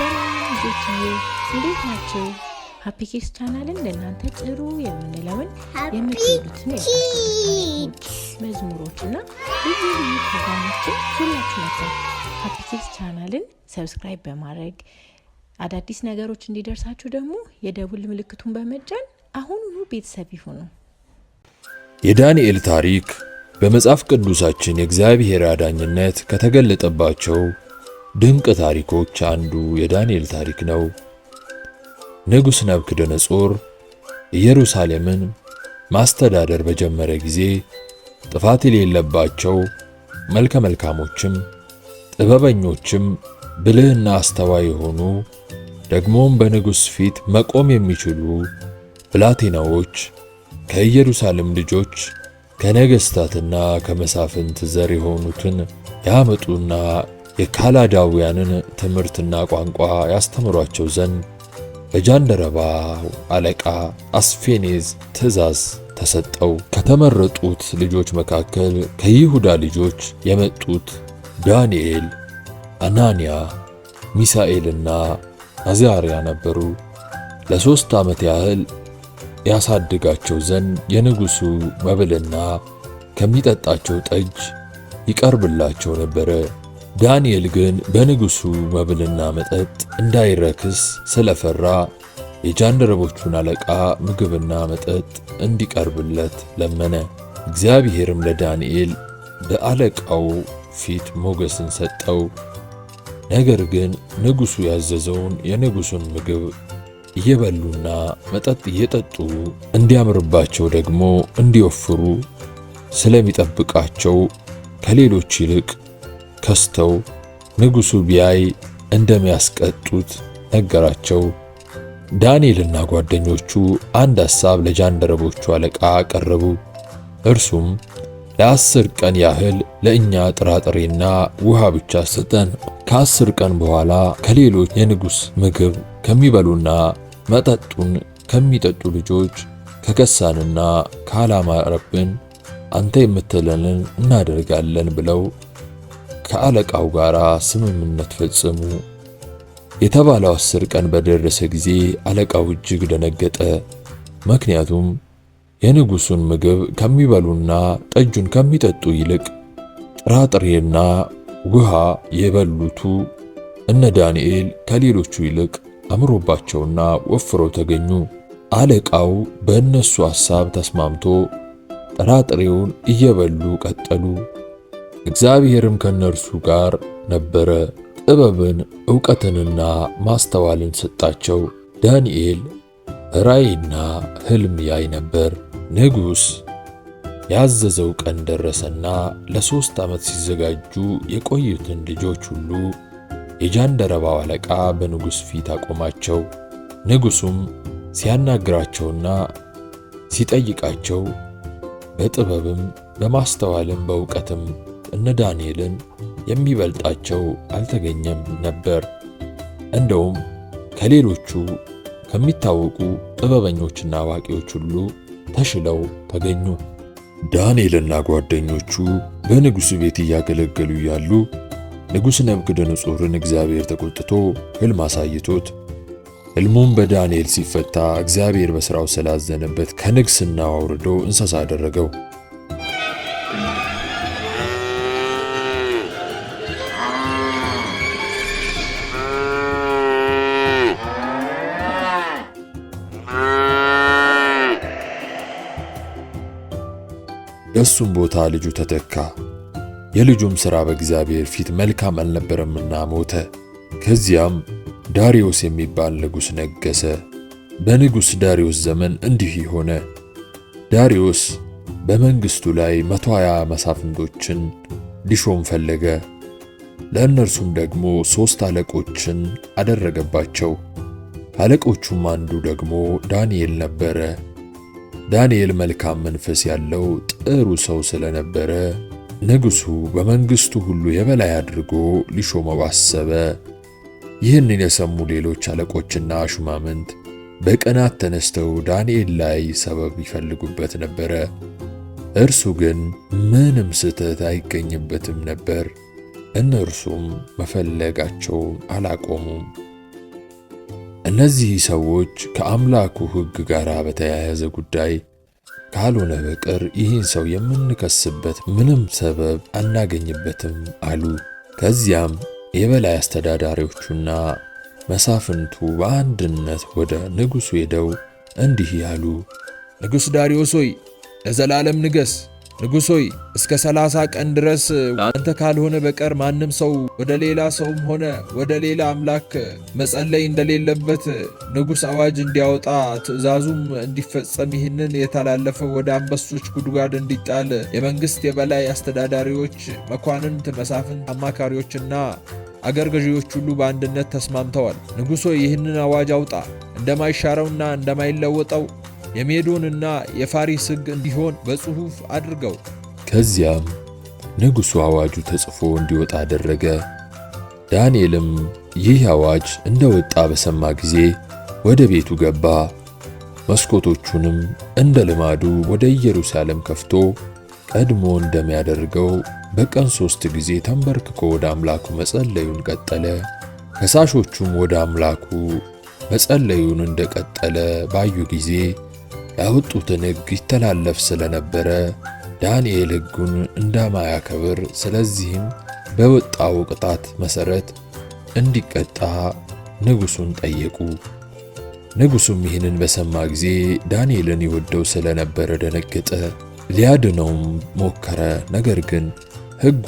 ሰላም ልጆችዬ እንዴት ናቸው? ሀፒ ኪድስ ቻናልን ለእናንተ ጥሩ የምንለውን የምትወዱትን መዝሙሮች እና ልዩ ልዩ ፕሮግራሞችን ሁላችሁ ነበር ሀፒ ኪድስ ቻናልን ሰብስክራይብ በማድረግ አዳዲስ ነገሮች እንዲደርሳችሁ ደግሞ የደውል ምልክቱን በመጫን አሁኑኑ ቤተሰብ ይሁኑ። የዳንኤል ታሪክ በመጽሐፍ ቅዱሳችን የእግዚአብሔር አዳኝነት ከተገለጠባቸው ድንቅ ታሪኮች አንዱ የዳንኤል ታሪክ ነው። ንጉሥ ናቡከደነፆር ኢየሩሳሌምን ማስተዳደር በጀመረ ጊዜ ጥፋት የሌለባቸው መልከ መልካሞችም ጥበበኞችም ብልህና አስተዋይ የሆኑ ደግሞም በንጉሥ ፊት መቆም የሚችሉ ብላቴናዎች ከኢየሩሳሌም ልጆች ከነገሥታትና ከመሳፍንት ዘር የሆኑትን ያመጡና የካላዳውያንን ትምህርትና ቋንቋ ያስተምሯቸው ዘንድ በጃንደረባው አለቃ አስፌኔዝ ትእዛዝ ተሰጠው። ከተመረጡት ልጆች መካከል ከይሁዳ ልጆች የመጡት ዳንኤል፣ አናንያ፣ ሚሳኤልና አዛርያ ነበሩ። ለሦስት ዓመት ያህል ያሳድጋቸው ዘንድ የንጉሡ መብልና ከሚጠጣቸው ጠጅ ይቀርብላቸው ነበረ። ዳንኤል ግን በንጉሡ መብልና መጠጥ እንዳይረክስ ስለፈራ የጃንደረቦቹን አለቃ ምግብና መጠጥ እንዲቀርብለት ለመነ። እግዚአብሔርም ለዳንኤል በአለቃው ፊት ሞገስን ሰጠው። ነገር ግን ንጉሡ ያዘዘውን የንጉሡን ምግብ እየበሉና መጠጥ እየጠጡ እንዲያምርባቸው ደግሞ እንዲወፍሩ ስለሚጠብቃቸው ከሌሎች ይልቅ ከስተው ንጉሡ ቢያይ እንደሚያስቀጡት ነገራቸው። ዳንኤልና ጓደኞቹ አንድ ሐሳብ ለጃንደረቦቹ አለቃ አቀረቡ። እርሱም ለአስር ቀን ያህል ለእኛ ጥራጥሬና ውሃ ብቻ ሰጠን። ከአስር ቀን በኋላ ከሌሎች የንጉሥ ምግብ ከሚበሉና መጠጡን ከሚጠጡ ልጆች ከከሳንና ካላማረብን አንተ የምትለንን እናደርጋለን ብለው ከአለቃው ጋር ስምምነት ፈጸሙ። የተባለው አስር ቀን በደረሰ ጊዜ አለቃው እጅግ ደነገጠ። ምክንያቱም የንጉሱን ምግብ ከሚበሉና ጠጁን ከሚጠጡ ይልቅ ጥራጥሬና ውሃ የበሉቱ እነ ዳንኤል ከሌሎቹ ይልቅ አምሮባቸውና ወፍረው ተገኙ። አለቃው በእነሱ ሐሳብ ተስማምቶ ጥራጥሬውን እየበሉ ቀጠሉ። እግዚአብሔርም ከነርሱ ጋር ነበረ፣ ጥበብን ዕውቀትንና ማስተዋልን ሰጣቸው። ዳንኤል ራእይና ሕልም ያይ ነበር። ንጉሥ ያዘዘው ቀን ደረሰና ለሦስት ዓመት ሲዘጋጁ የቆዩትን ልጆች ሁሉ የጃንደረባው አለቃ በንጉሥ ፊት አቆማቸው። ንጉሡም ሲያናግራቸውና ሲጠይቃቸው በጥበብም በማስተዋልም በእውቀትም እነ ዳንኤልን የሚበልጣቸው አልተገኘም ነበር። እንደውም ከሌሎቹ ከሚታወቁ ጥበበኞችና አዋቂዎች ሁሉ ተሽለው ተገኙ። ዳንኤልና ጓደኞቹ በንጉሡ ቤት እያገለገሉ ያሉ ንጉሥ ናቡከደነፆርን እግዚአብሔር ተቆጥቶ ሕልም አሳይቶት ሕልሙም በዳንኤል ሲፈታ እግዚአብሔር በሥራው ስላዘነበት ከንግሥናው አውርዶ እንስሳ አደረገው። በእሱም ቦታ ልጁ ተተካ። የልጁም ሥራ በእግዚአብሔር ፊት መልካም አልነበረምና ሞተ። ከዚያም ዳሪዮስ የሚባል ንጉሥ ነገሰ በንጉሥ ዳሪዮስ ዘመን እንዲህ ሆነ። ዳሪዮስ በመንግሥቱ ላይ መቶ ሃያ መሳፍንቶችን ሊሾም ፈለገ። ለእነርሱም ደግሞ ሦስት አለቆችን አደረገባቸው። አለቆቹም አንዱ ደግሞ ዳንኤል ነበረ። ዳንኤል መልካም መንፈስ ያለው ጥሩ ሰው ስለነበረ ንጉሡ በመንግሥቱ ሁሉ የበላይ አድርጎ ሊሾመው አሰበ። ይህንን የሰሙ ሌሎች አለቆችና ሹማምንት በቀናት ተነስተው ዳንኤል ላይ ሰበብ ይፈልጉበት ነበረ። እርሱ ግን ምንም ስህተት አይገኝበትም ነበር። እነርሱም መፈለጋቸውን አላቆሙም። እነዚህ ሰዎች ከአምላኩ ሕግ ጋር በተያያዘ ጉዳይ ካልሆነ በቀር ይህን ሰው የምንከስበት ምንም ሰበብ አናገኝበትም አሉ። ከዚያም የበላይ አስተዳዳሪዎቹና መሳፍንቱ በአንድነት ወደ ንጉሡ ሄደው እንዲህ ያሉ፣ ንጉሥ ዳርዮስ ሆይ ለዘላለም ንገሥ። ንጉሥ ሆይ እስከ ሰላሳ ቀን ድረስ አንተ ካልሆነ በቀር ማንም ሰው ወደ ሌላ ሰውም ሆነ ወደ ሌላ አምላክ መጸለይ እንደሌለበት ንጉሥ አዋጅ እንዲያወጣ ትእዛዙም እንዲፈጸም ይህንን የተላለፈው ወደ አንበሶች ጉድጓድ እንዲጣል የመንግሥት የበላይ አስተዳዳሪዎች፣ መኳንንት፣ መሳፍንት፣ አማካሪዎችና አገር ገዢዎች ሁሉ በአንድነት ተስማምተዋል። ንጉሶ ይህንን አዋጅ አውጣ እንደማይሻረውና እንደማይለወጠው የሜዶንና የፋሪስ ሕግ እንዲሆን በጽሑፍ አድርገው። ከዚያም ንጉሡ አዋጁ ተጽፎ እንዲወጣ አደረገ። ዳንኤልም ይህ አዋጅ እንደወጣ በሰማ ጊዜ ወደ ቤቱ ገባ። መስኮቶቹንም እንደ ልማዱ ወደ ኢየሩሳሌም ከፍቶ ቀድሞ እንደሚያደርገው በቀን ሦስት ጊዜ ተንበርክኮ ወደ አምላኩ መጸለዩን ቀጠለ። ከሳሾቹም ወደ አምላኩ መጸለዩን እንደቀጠለ ባዩ ጊዜ ያወጡትን ሕግ ይተላለፍ ስለነበረ ዳንኤል ሕጉን እንደማያከብር፣ ስለዚህም በወጣው ቅጣት መሠረት እንዲቀጣ ንጉሡን ጠየቁ። ንጉሡም ይህንን በሰማ ጊዜ ዳንኤልን ይወደው ስለነበረ ደነገጠ፣ ሊያድነውም ሞከረ። ነገር ግን ሕጉ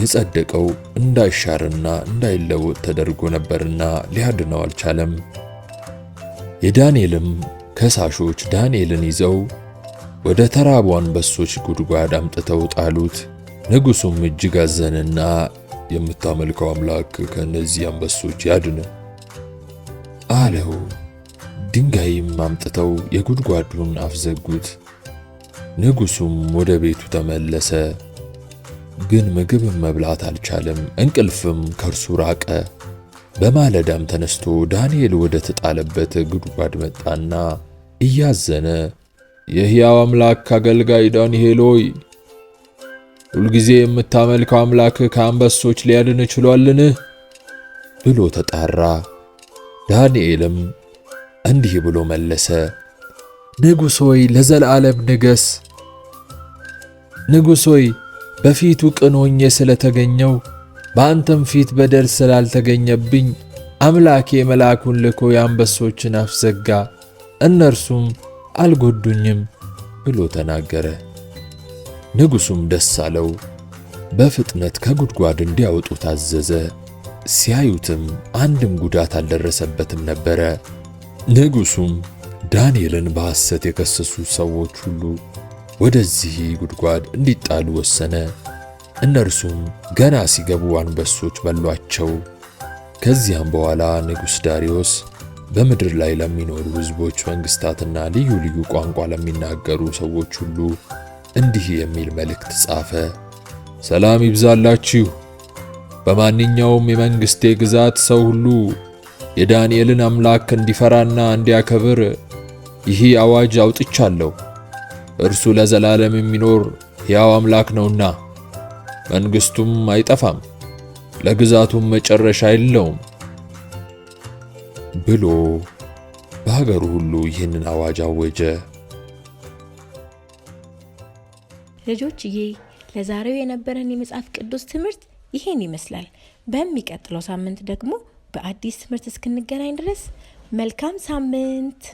የጸደቀው እንዳይሻርና እንዳይለወጥ ተደርጎ ነበርና ሊያድነው አልቻለም። የዳንኤልም ከሳሾች ዳንኤልን ይዘው ወደ ተራቡ አንበሶች ጉድጓድ አምጥተው ጣሉት። ንጉሡም እጅግ አዘነና የምታመልከው አምላክ ከእነዚህ አንበሶች ያድን አለው። ድንጋይም አምጥተው የጉድጓዱን አፍዘጉት። ንጉሡም ወደ ቤቱ ተመለሰ፣ ግን ምግብም መብላት አልቻለም፣ እንቅልፍም ከእርሱ ራቀ። በማለዳም ተነስቶ ዳንኤል ወደ ተጣለበት ጉድጓድ መጣና እያዘነ የሕያው አምላክ አገልጋይ ዳንኤል ሆይ ሁልጊዜ የምታመልከው አምላክ ከአንበሶች ሊያድን ችሏልን? ብሎ ተጣራ። ዳንኤልም እንዲህ ብሎ መለሰ፣ ንጉሥ ሆይ ለዘላለም ንገስ። ንጉሥ ሆይ በፊቱ ቅን ሆኜ ስለተገኘው በአንተም ፊት በደል ስላልተገኘብኝ አምላኬ መልአኩን ልኮ የአንበሶችን አፍ ዘጋ፣ እነርሱም አልጎዱኝም ብሎ ተናገረ። ንጉሡም ደስ አለው። በፍጥነት ከጉድጓድ እንዲያወጡ ታዘዘ። ሲያዩትም አንድም ጉዳት አልደረሰበትም ነበረ። ንጉሡም ዳንኤልን በሐሰት የከሰሱ ሰዎች ሁሉ ወደዚህ ጉድጓድ እንዲጣሉ ወሰነ። እነርሱም ገና ሲገቡ አንበሶች በሏቸው። ከዚያም በኋላ ንጉሥ ዳርዮስ በምድር ላይ ለሚኖሩ ሕዝቦች፣ መንግሥታትና ልዩ ልዩ ቋንቋ ለሚናገሩ ሰዎች ሁሉ እንዲህ የሚል መልእክት ጻፈ። ሰላም ይብዛላችሁ። በማንኛውም የመንግሥቴ ግዛት ሰው ሁሉ የዳንኤልን አምላክ እንዲፈራና እንዲያከብር ይህ አዋጅ አውጥቻለሁ። እርሱ ለዘላለም የሚኖር ሕያው አምላክ ነውና መንግስቱም አይጠፋም፣ ለግዛቱም መጨረሻ የለውም ብሎ በሀገሩ ሁሉ ይህንን አዋጅ አወጀ። ልጆችዬ ለዛሬው የነበረን የመጽሐፍ ቅዱስ ትምህርት ይሄን ይመስላል። በሚቀጥለው ሳምንት ደግሞ በአዲስ ትምህርት እስክንገናኝ ድረስ መልካም ሳምንት